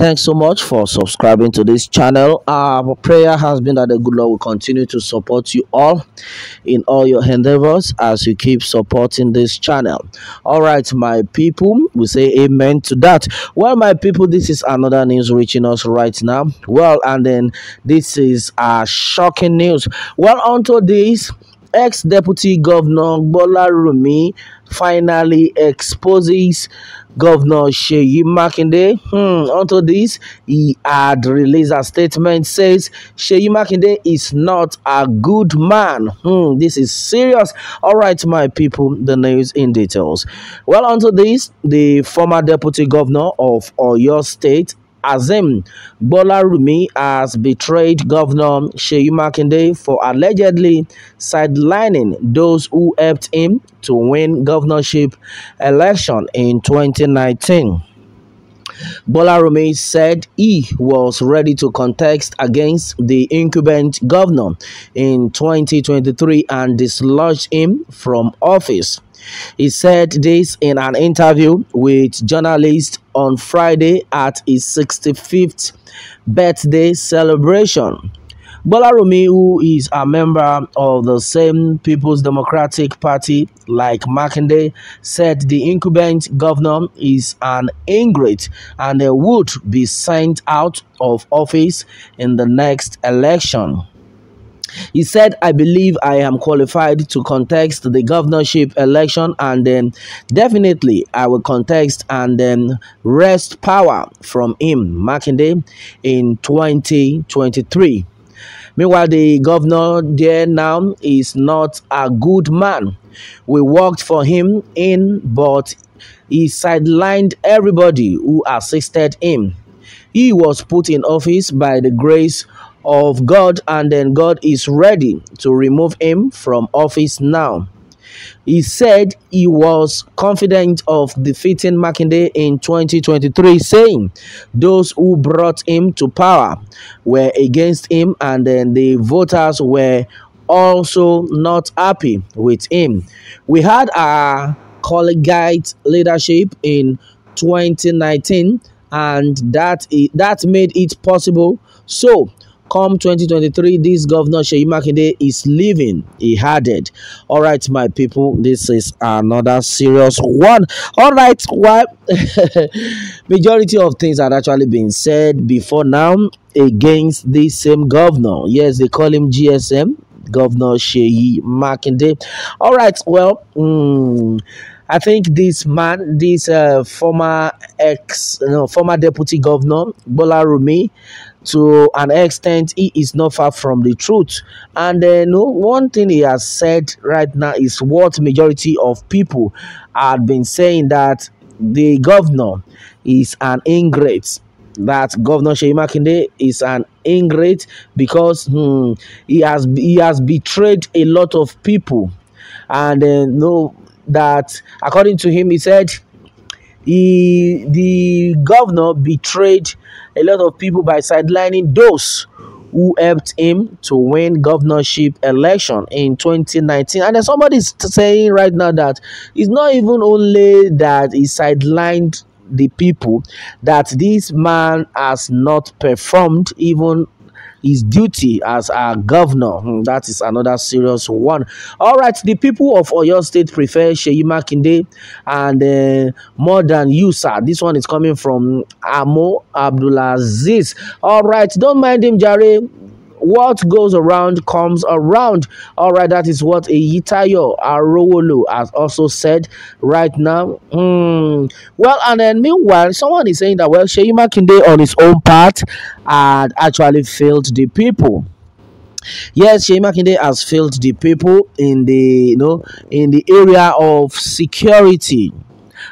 Thanks so much for subscribing to this channel. Our prayer has been that the good Lord will continue to support you all in all your endeavors as you keep supporting this channel. All right, my people, we say amen to that. Well, my people, this is another news reaching us right now. Well, and then this is a shocking news. Well, onto this Ex-Deputy Governor Bolarumi finally exposes Governor Sheyi Makinde. Hmm, onto this, he had released a statement says Sheyi Makinde is not a good man. Hmm, this is serious. All right, my people, the news in details. Well, onto this, the former deputy governor of Oyo State, Azim Bolarumi has betrayed Governor Sheyi Makinde for allegedly sidelining those who helped him to win governorship election in 2019. Bolarumi said he was ready to contest against the incumbent governor in 2023 and dislodged him from office. He said this in an interview with journalists on Friday at his 65th birthday celebration. Bolarumi, who is a member of the same People's Democratic Party like Makinde, said the incumbent governor is an ingrate and would be sent out of office in the next election. He said, I believe I am qualified to contest the governorship election and then definitely I will contest and then wrest power from him, Makinde, in 2023. Meanwhile, the governor there now is not a good man. We worked for him in, but he sidelined everybody who assisted him. He was put in office by the grace of God, and then God is ready to remove him from office now. He said he was confident of defeating Makinde in 2023, saying those who brought him to power were against him, and then the voters were also not happy with him. We had a collegiate leadership in 2019 and that that made it possible so Come 2023, this governor Shey Makinde is leaving, he added. All right, my people, this is another serious one. All right, well, majority of things had actually been said before now against this same governor. Yes, they call him GSM, Governor Shey Makinde. All right, well, mm, I think this man, this uh, former ex, former deputy governor Bola Rumi, to an extent he is not far from the truth and uh, no one thing he has said right now is what majority of people had been saying that the governor is an ingrate that governor Sheyi Makinde is an ingrate because hmm, he has he has betrayed a lot of people and uh, no that according to him he said he, the governor betrayed a lot of people by sidelining those who helped him to win governorship election in 2019 and then somebody's saying right now that it's not even only that he sidelined the people that this man has not performed even his duty as our governor. Hmm, that is another serious one. All right, the people of Oyo State prefer Sheyi Makinde and uh, more than you, sir. This one is coming from Amo Abdulaziz. All right, don't mind him, Jare what goes around comes around. All right, that is what a Eyitayo Arowolo has also said right now. Mm. Well, and then meanwhile, someone is saying that, well, Sheyi Makinde on his own part had actually failed the people. Yes, Sheyi Makinde has failed the people in the, you know, in the area of security.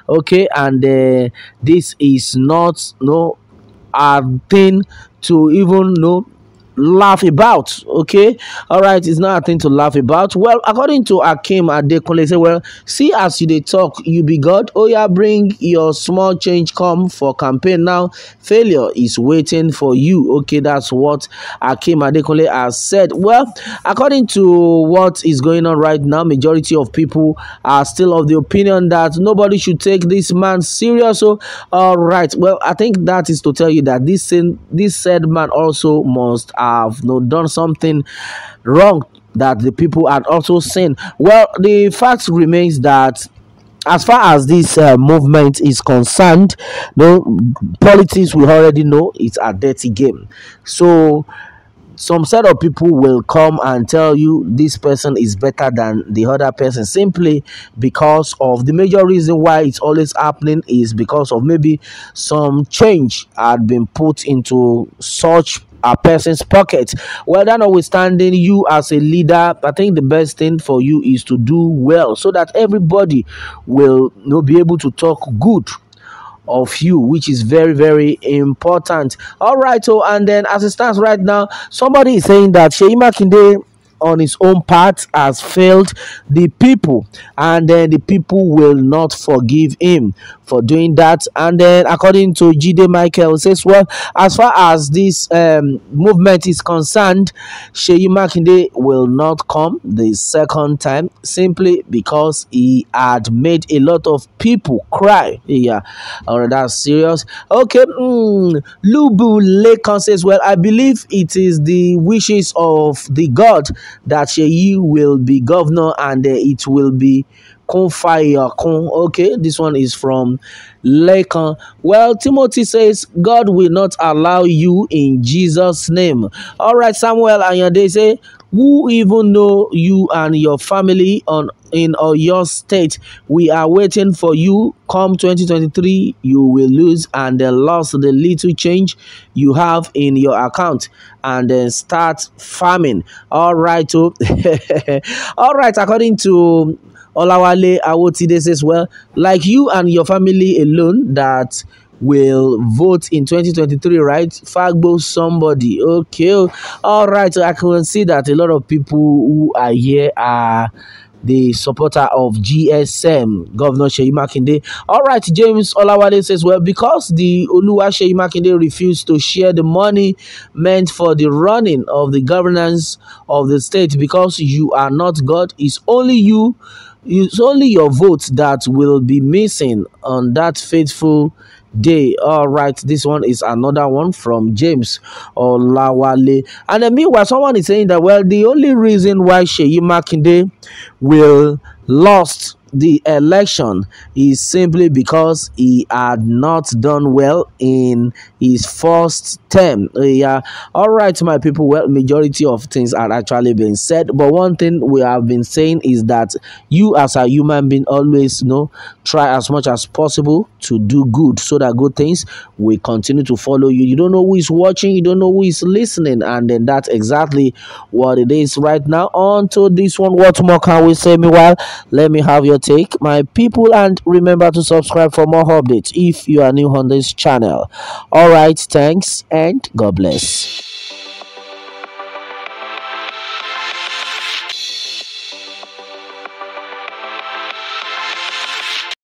Okay, and uh, this is not, no, a thing to even, you know, laugh about. Okay, all right, it's not a thing to laugh about. Well, according to Akim Adekunle, say, well, see as you they talk, you be God. Oh yeah, bring your small change come for campaign now. Failure is waiting for you. Okay, that's what Akim Adekunle has said. Well, according to what is going on right now, majority of people are still of the opinion that nobody should take this man serious. So, all right, well, I think that is to tell you that this this said man also must have you know, done something wrong that the people had also seen. Well, the fact remains that as far as this uh, movement is concerned, no politics we already know it's a dirty game. So some set of people will come and tell you this person is better than the other person simply because of the major reason why it's always happening is because of maybe some change had been put into such a person's pocket. Well, that notwithstanding, you as a leader, I think the best thing for you is to do well so that everybody will you know, be able to talk good of you, which is very, very important. All right, so and then as it stands right now, somebody is saying that Sheima Kinde on his own part has failed the people and then the people will not forgive him for doing that and then according to gd Michael says well as far as this um, movement is concerned Sheyi Makinde will not come the second time simply because he had made a lot of people cry yeah all right that's serious okay mm. Lubu says well I believe it is the wishes of the God that you will be governor and uh, it will be Kun Okay, this one is from Lekan. Well, Timothy says, God will not allow you in Jesus' name. All right, Samuel they say, who even know you and your family on in or your state we are waiting for you come 2023 you will lose and then lost the little change you have in your account and then start farming all right oh. so all right according to olawale awotide says well like you and your family alone that will vote in 2023, right? Fagbo somebody. Okay. Oh. All right. I can see that a lot of people who are here are the supporter of GSM, Governor Sheyi Makinde. All right, James Olawale says, well, because the Oluwa Sheyi Makinde refused to share the money meant for the running of the governance of the state, because you are not God, it's only you, it's only your vote that will be missing on that faithful day. All right, this one is another one from James Olawale. And then meanwhile, someone is saying that, well, the only reason why Sheyi Makinde will lost the election is simply because he had not done well in his first term. Yeah, all right, my people. Well, majority of things are actually being said, but one thing we have been saying is that you, as a human being, always you know try as much as possible to do good, so that good things will continue to follow you. You don't know who is watching, you don't know who is listening, and then that's exactly what it is right now. On to this one, what more can we say? Meanwhile, let me have your take, my people, and remember to subscribe for more updates if you are new on this channel. Alright, thanks and God bless.